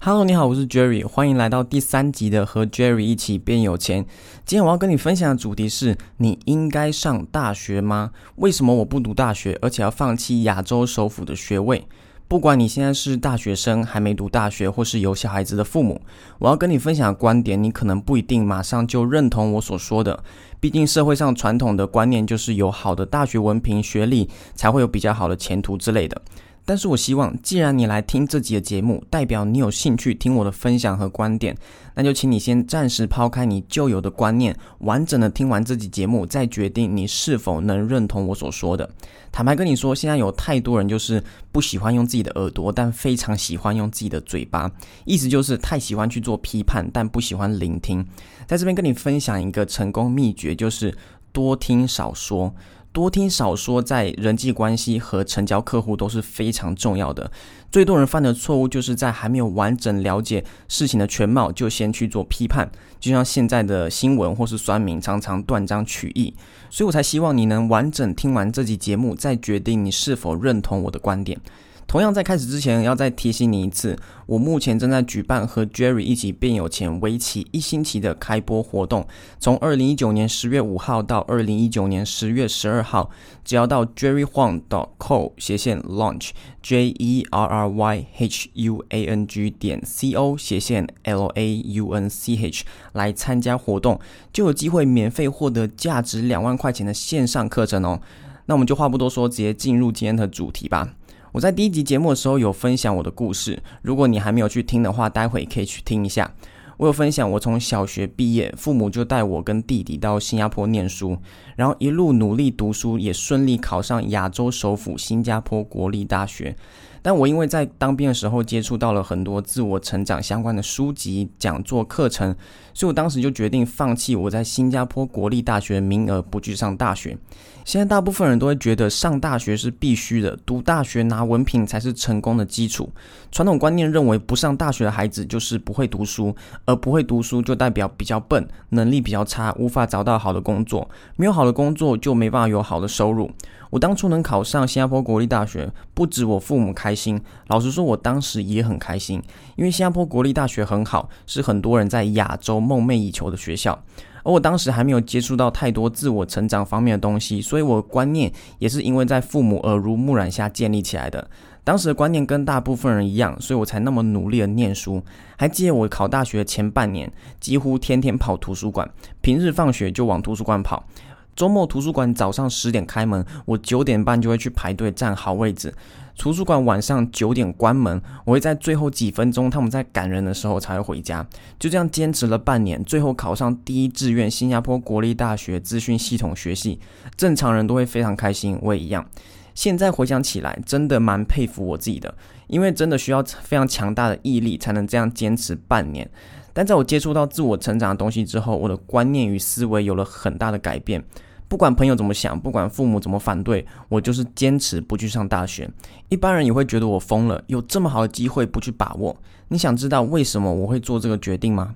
哈嘍，你好，我是 Jerry，歡迎來到第三集的和 Jerry 一起變有錢。今天我要跟你分享的主題是：你應該上大學嗎？為什麼我不讀大學，而且要放棄亞洲首府的學位？不管你現在是大學生，還沒讀大學，或是有小孩子的父母，我要跟你分享的觀點，你可能不一定馬上就認同我所說的。畢竟社會上傳統的觀念就是有好的大學文憑、學歷，才會有比較好的前途之類的。但是我希望，既然你來聽這集的節目，代表你有興趣聽我的分享和觀點，那就請你先暫時拋開你舊有的觀念，完整的聽完這集節目，再決定你是否能認同我所說的。坦白跟你說，現在有太多人就是不喜歡用自己的耳朵，但非常喜歡用自己的嘴巴，意思就是太喜歡去做批判，但不喜歡聆聽。在這邊跟你分享一個成功秘訣，就是多聽少說。多聽少說，在人際關係和成交客戶都是非常重要的。最多人犯的錯誤，就是在還沒有完整了解事情的全貌，就先去做批判。就像現在的新聞或是酸民，常常斷章取義，所以我才希望你能完整聽完這集節目，再決定你是否認同我的觀點。同樣，在開始之前，要再提醒你一次：我目前正在舉辦和 Jerry 一起變有錢為期一星期的開播活動，從二零一九年十月五號到二零一九年十月十二號，只要到 Jerry Huang dot co 斜線 launch J E R R Y H U A N G 點 C O 斜線 L A U N C H 來參加活動，就有機會免費獲得價值兩萬塊錢的線上課程哦。那我們就話不多說，直接進入今天的主題吧。我在第一集節目的時候有分享我的故事，如果你還沒有去聽的話，待會可以去聽一下。我有分享我從小學畢業，父母就帶我跟弟弟到新加坡念書。然後一路努力讀書，也順利考上亞洲首府新加坡國立大學。但我因為在當兵的時候接觸到了很多自我成長相關的書籍、講座、課程，所以我當時就決定放棄我在新加坡國立大學的名額，不去上大學。現在大部分人都會覺得上大學是必須的，讀大學拿文憑才是成功的基礎。傳統觀念認為不上大學的孩子就是不會讀書，而不會讀書就代表比較笨，能力比較差，無法找到好的工作，沒有好的。工作就沒辦法有好的收入。我當初能考上新加坡國立大學，不止我父母開心，老實說，我當時也很開心，因為新加坡國立大學很好，是很多人在亞洲夢寐以求的學校。而我當時還沒有接觸到太多自我成長方面的東西，所以我觀念也是因為在父母耳濡目染下建立起來的。當時的觀念跟大部分人一樣，所以我才那麼努力的念書。還記得我考大學前半年，幾乎天天跑圖書館，平日放學就往圖書館跑。週末圖書館早上十點開門，我九點半就會去排隊佔好位置。圖書館晚上九點關門，我會在最後幾分鐘他們在趕人的時候才會回家。就這樣堅持了半年，最後考上第一志願新加坡國立大學資訊系統學系。正常人都會非常開心，我也一樣。現在回想起來，真的蠻佩服我自己的，因為真的需要非常強大的毅力才能這樣堅持半年。但在我接觸到自我成長的東西之後，我的觀念與思維有了很大的改變。不管朋友怎麼想，不管父母怎麼反對，我就是堅持不去上大學。一般人也會覺得我瘋了，有這麼好的機會不去把握。你想知道為什麼我會做這個決定嗎？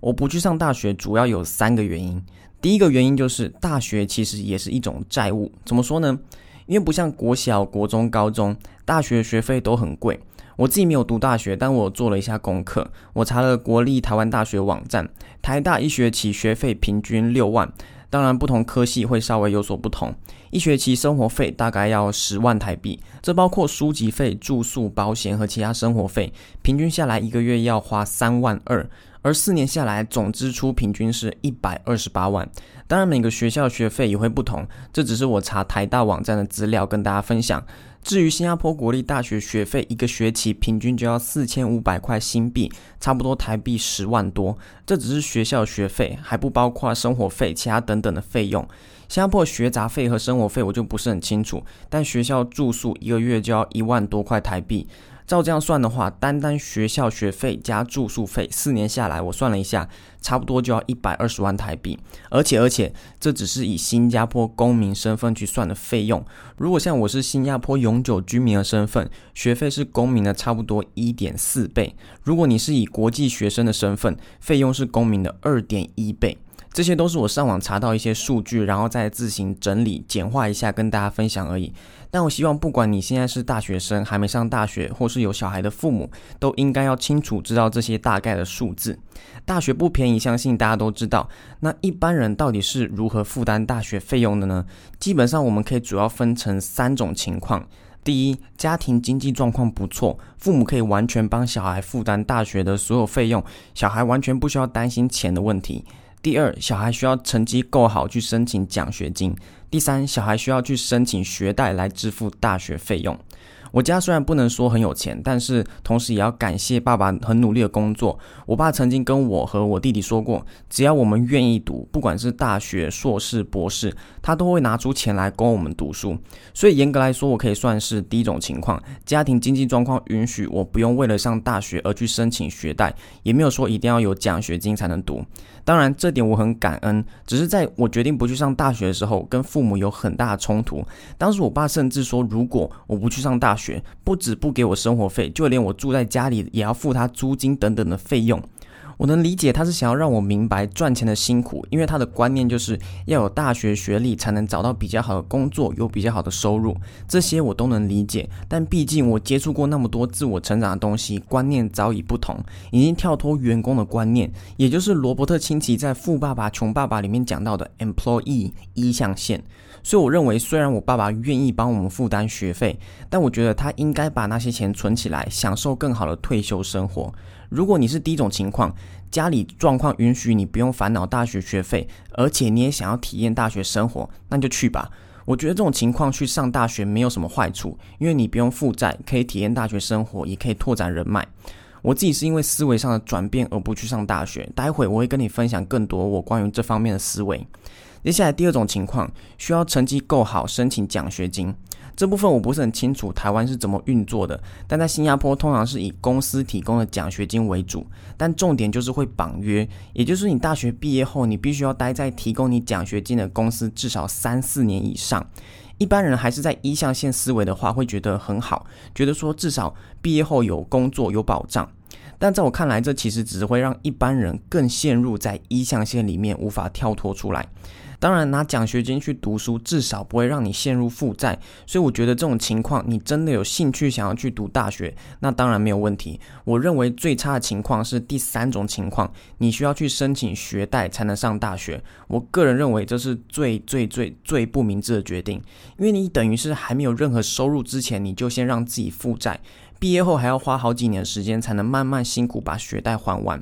我不去上大學主要有三個原因。第一個原因就是，大學其實也是一種債務。怎麼說呢？因為不像國小、國中、高中，大學學費都很貴。我自己沒有讀大學，但我做了一下功課。我查了國立台灣大學網站，台大一學期學費平均六萬。當然，不同科系會稍微有所不同。一學期生活費大概要十萬台幣，這包括書籍費、住宿、保險和其他生活費。平均下來，一個月要花三萬二，而四年下來總支出平均是一百二十八萬。當然，每個學校的學費也會不同，這只是我查台大網站的資料跟大家分享。至於新加坡國立大學學費，一個學期平均就要四千五百塊新幣，差不多台幣十萬多。這只是學校學費，還不包括生活費、其他等等的費用。新加坡學雜費和生活費我就不是很清楚，但學校住宿一個月就要一萬多塊台幣。照這樣算的話，單單學校學費加住宿費，四年下來我算了一下，差不多就要一百二十萬台幣。而且，而且，這只是以新加坡公民身份去算的費用。如果像我是新加坡永久居民的身份，學費是公民的差不多一點四倍。如果你是以國際學生的身份，費用是公民的二點一倍。這些都是我上網查到一些數據，然後再自行整理簡化一下跟大家分享而已。但我希望，不管你現在是大學生，還沒上大學，或是有小孩的父母，都應該要清楚知道這些大概的數字。大學不便宜，相信大家都知道。那一般人到底是如何負擔大學費用的呢？基本上我們可以主要分成三種情況：第一，家庭經濟狀況不錯，父母可以完全幫小孩負擔大學的所有費用，小孩完全不需要擔心錢的問題。第二，小孩需要成績夠好去申請獎學金。第三，小孩需要去申請學貸來支付大學費用。我家雖然不能說很有錢，但是同時也要感謝爸爸很努力的工作。我爸曾經跟我和我弟弟說過，只要我們願意讀，不管是大學、碩士、博士，他都會拿出錢來供我們讀書。所以嚴格來說，我可以算是第一種情況，家庭經濟狀況允許，我不用為了上大學而去申請學貸，也沒有說一定要有獎學金才能讀。當然，這點我很感恩，只是在我決定不去上大學的時候，跟父母有很大的衝突。當時我爸甚至說，如果我不去上大學，不止不給我生活費，就連我住在家裡也要付他租金等等的費用。我能理解他是想要讓我明白賺錢的辛苦，因為他的觀念就是要有大學學歷才能找到比較好的工作，有比較好的收入。這些我都能理解，但畢竟我接觸過那麼多自我成長的東西，觀念早已不同，已經跳脫員工的觀念，也就是羅伯特清崎在《富爸爸窮爸爸》裡面講到的 “employee 一象限”。所以我認為，雖然我爸爸願意幫我們負擔學費，但我覺得他應該把那些錢存起來，享受更好的退休生活。如果你是第一種情況，家裡狀況允許你不用煩惱大學學費，而且你也想要體驗大學生活，那就去吧。我覺得這種情況去上大學沒有什麼壞處，因為你不用負債，可以體驗大學生活，也可以拓展人脈。我自己是因為思維上的轉變而不去上大學，待會我會跟你分享更多我關於這方面的思維。接下來，第二種情況需要成績夠好，申請獎學金，這部分我不是很清楚台灣是怎麼運作的，但在新加坡通常是以公司提供的獎學金為主，但重點就是會綁約，也就是你大學畢業後，你必須要待在提供你獎學金的公司至少三四年以上。一般人還是在一象限思維的話會覺得很好，覺得說至少畢業後有工作、有保障，但在我看來這其實只會讓一般人更陷入在一象限裡面無法跳脫出來。當然，拿獎學金去讀書，至少不會讓你陷入負債。所以，我覺得這種情況，你真的有興趣想要去讀大學，那當然沒有問題。我認為最差的情況是第三種情況，你需要去申請學貸才能上大學，我個人認為這是最最最最不明智的決定，因為你等於是還沒有任何收入之前，你就先讓自己負債，畢業後還要花好幾年的時間才能慢慢辛苦把學貸還完。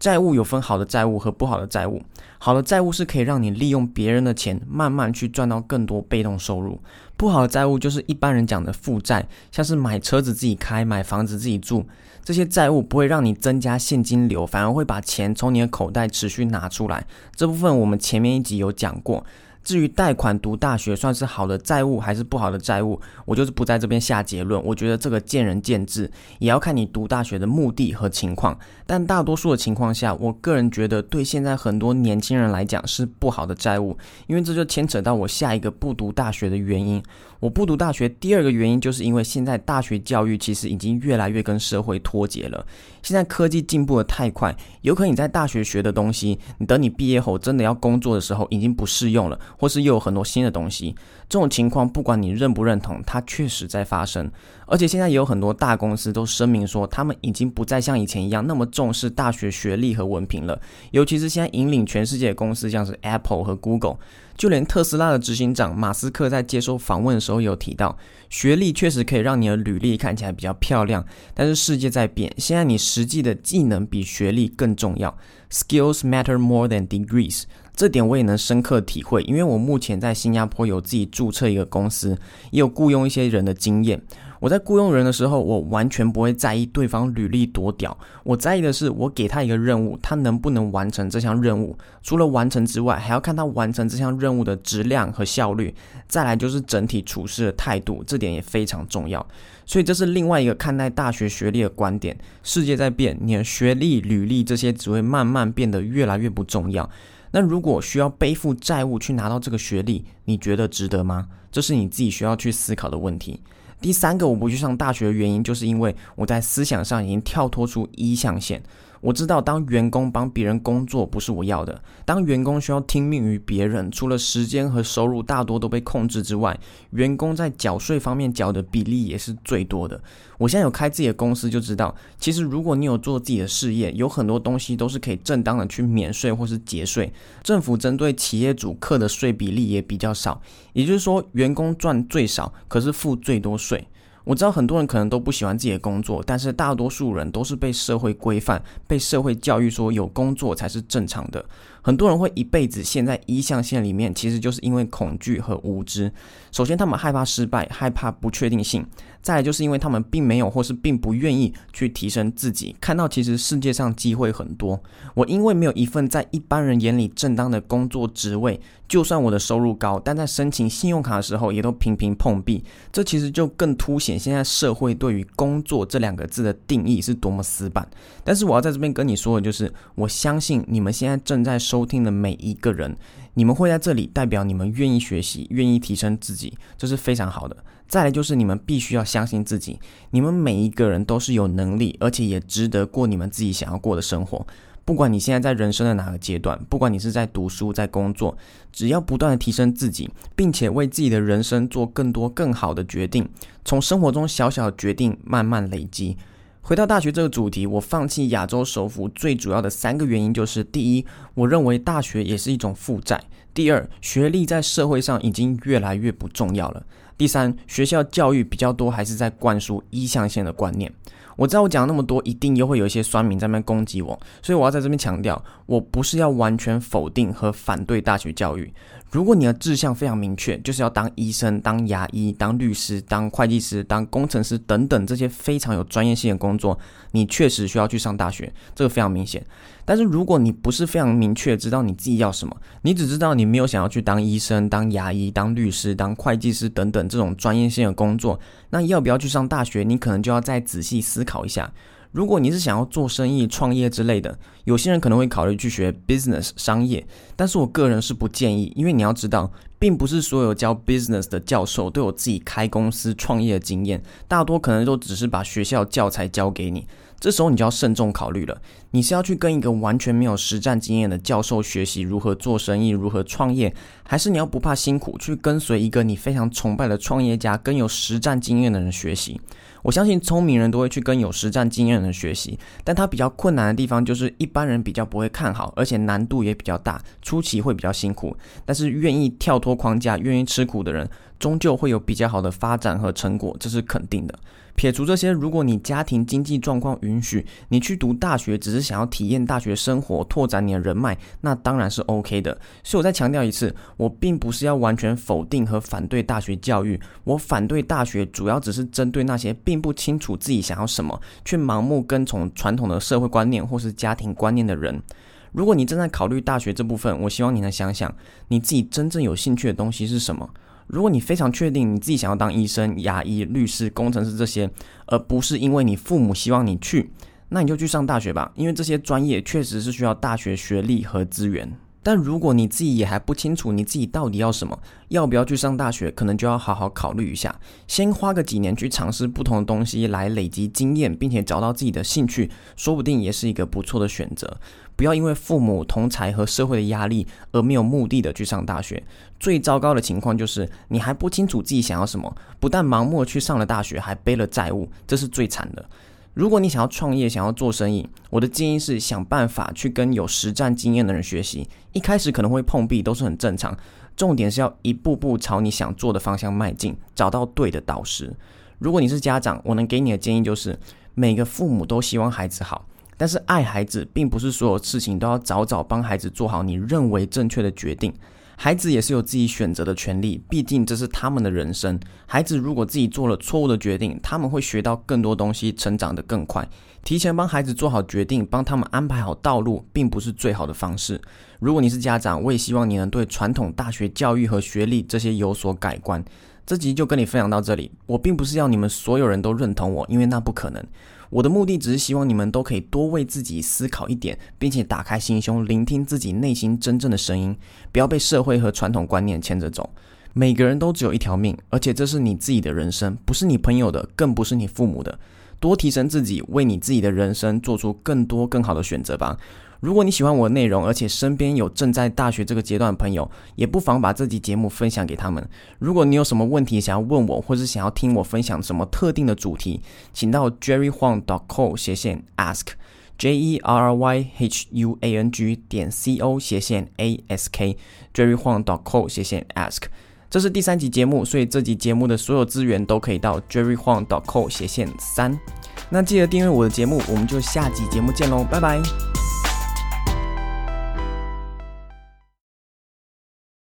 債務有分好的債務和不好的債務。好的債務是可以讓你利用別人的錢，慢慢去賺到更多被動收入。不好的債務就是一般人講的負債，像是買車子自己開、買房子自己住，這些債務不會讓你增加現金流，反而會把錢從你的口袋持續拿出來。這部分我們前面一集有講過。至於貸款讀大學算是好的債務還是不好的債務，我就是不在這邊下結論。我覺得這個見仁見智，也要看你讀大學的目的和情況。但大多數的情況下，我個人覺得對現在很多年輕人來講是不好的債務，因為這就牽扯到我下一個不讀大學的原因。我不讀大學，第二個原因就是因為現在大學教育其實已經越來越跟社會脫節了。現在科技進步得太快，有可能你在大學學的東西，你等你畢業後真的要工作的時候，已經不適用了，或是又有很多新的東西。這種情況，不管你認不認同，它確實在發生。而且現在也有很多大公司都聲明說，他們已經不再像以前一樣那麼重視大學學歷和文憑了，尤其是現在引領全世界的公司，像是 Apple 和 Google。就連特斯拉的執行長馬斯克在接受訪問的時候，有提到學歷確實可以讓你的履歷看起來比較漂亮，但是世界在變，現在你實際的技能比學歷更重要，Skills matter more than degrees。這點我也能深刻體會，因為我目前在新加坡有自己註冊一個公司，也有雇傭一些人的經驗。我在雇傭人的時候，我完全不會在意對方履歷多屌，我在意的是我給他一個任務，他能不能完成這項任務。除了完成之外，還要看他完成這項任務的質量和效率，再來就是整體處事的態度，這點也非常重要。所以這是另外一個看待大學學歷的觀點。世界在變，你的學歷、履歷這些只會慢慢變得越來越不重要。那如果需要背負債務去拿到這個學歷，你覺得值得嗎？這是你自己需要去思考的問題。第三個，我不去上大學的原因，就是因為我在思想上已經跳脫出一象限。我知道，當員工幫別人工作不是我要的。當員工需要聽命於別人，除了時間和收入大多都被控制之外，員工在繳稅方面繳的比例也是最多的。我現在有開自己的公司，就知道，其實如果你有做自己的事業，有很多東西都是可以正當的去免稅或是節稅。政府針對企業主課的稅比例也比較少，也就是說，員工賺最少，可是付最多稅。我知道很多人可能都不喜歡自己的工作，但是大多數人都是被社會規範、被社會教育說有工作才是正常的。很多人會一輩子陷在一象限裡面，其實就是因為恐懼和無知。首先，他們害怕失敗，害怕不確定性。再來就是因為他們並沒有，或是並不願意去提升自己，看到其實世界上機會很多。我因為沒有一份在一般人眼裡正當的工作職位，就算我的收入高，但在申請信用卡的時候也都頻頻碰壁。這其實就更凸顯現在社會對於“工作”這兩個字的定義是多麼死板。但是我要在這邊跟你說的就是，我相信你們現在正在收聽的每一個人，你們會在這裡代表你們願意學習，願意提升自己，這是非常好的。再來就是你們必須要相信自己，你們每一個人都是有能力，而且也值得過你們自己想要過的生活。不管你現在在人生的哪個階段，不管你是在讀書、在工作，只要不斷的提升自己，並且為自己的人生做更多、更好的決定，從生活中小小的決定慢慢累積。回到大學這個主題，我放棄亞洲首府最主要的三個原因就是：第一，我認為大學也是一種負債；第二，學歷在社會上已經越來越不重要了。第三，學校教育比較多，還是在灌輸一象限的觀念。我知道我講那麼多，一定又會有一些酸民在那邊攻擊我，所以我要在這邊強調，我不是要完全否定和反對大學教育。如果你的志向非常明確，就是要當醫生、當牙醫、當律師、當會計師、當工程師等等這些非常有專業性的工作，你確實需要去上大學，這個非常明顯。但是如果你不是非常明確知道你自己要什麼，你只知道你沒有想要去當醫生、當牙醫、當律師、當會計師等等這種專業性的工作，那要不要去上大學，你可能就要再仔細思考一下。如果你是想要做生意、創業之類的，有些人可能會考慮去學 business 商業，但是我個人是不建議，因為你要知道，並不是所有教 business 的教授都有自己開公司創業的經驗，大多可能都只是把學校教材教給你。這時候你就要慎重考慮了，你是要去跟一個完全沒有實戰經驗的教授學習如何做生意、如何創業，還是你要不怕辛苦去跟隨一個你非常崇拜的創業家、跟有實戰經驗的人學習？我相信聰明人都會去跟有實戰經驗的人學習，但他比較困難的地方就是一般人比較不會看好，而且難度也比較大，初期會比較辛苦。但是願意跳脫框架、願意吃苦的人，終究會有比較好的發展和成果，這是肯定的。撇除這些，如果你家庭經濟狀況允許，你去讀大學只是想要體驗大學生活、拓展你的人脈，那當然是 OK 的。所以，我再強調一次，我並不是要完全否定和反對大學教育。我反對大學，主要只是針對那些並不清楚自己想要什麼，卻盲目跟從傳統的社會觀念或是家庭觀念的人。如果你正在考慮大學這部分，我希望你能想想你自己真正有興趣的東西是什麼。如果你非常確定你自己想要當醫生、牙醫、律師、工程師這些，而不是因為你父母希望你去，那你就去上大學吧，因為這些專業確實是需要大學學歷和資源。但如果你自己也還不清楚你自己到底要什麼，要不要去上大學，可能就要好好考慮一下。先花個幾年去嘗試不同的東西，來累積經驗，並且找到自己的興趣，說不定也是一個不錯的選擇。不要因為父母、同儕和社會的壓力而沒有目的的去上大學。最糟糕的情況就是你還不清楚自己想要什麼，不但盲目去上了大學，還背了債務，這是最慘的。如果你想要創業，想要做生意，我的建議是想辦法去跟有實戰經驗的人學習。一開始可能會碰壁，都是很正常。重點是要一步步朝你想做的方向邁進，找到對的導師。如果你是家長，我能給你的建議就是，每個父母都希望孩子好，但是愛孩子並不是所有事情都要早早幫孩子做好你認為正確的決定。孩子也是有自己選擇的權利，畢竟這是他們的人生。孩子如果自己做了錯誤的決定，他們會學到更多東西，成長得更快。提前幫孩子做好決定，幫他們安排好道路，並不是最好的方式。如果你是家長，我也希望你能對傳統大學教育和學歷這些有所改觀。這集就跟你分享到這裡。我並不是要你們所有人都認同我，因為那不可能。我的目的只是希望你們都可以多為自己思考一點，並且打開心胸，聆聽自己內心真正的聲音，不要被社會和傳統觀念牽着走。每個人都只有一條命，而且這是你自己的人生，不是你朋友的，更不是你父母的。多提升自己，為你自己的人生做出更多更好的選擇吧。如果你喜歡我的內容，而且身邊有正在大學這個階段的朋友，也不妨把這集節目分享給他們。如果你有什麼問題想要問我，或是想要聽我分享什麼特定的主題，請到 jerryhuang dot co 斜線 ask，j e r r y h u a n g 點 c o 斜線 a s k，jerryhuang dot co 斜線 ask。這是第三集節目，所以這集節目的所有資源都可以到 jerryhuang dot co 斜線三。那記得訂閱我的節目，我們就下集節目見嘍，拜拜。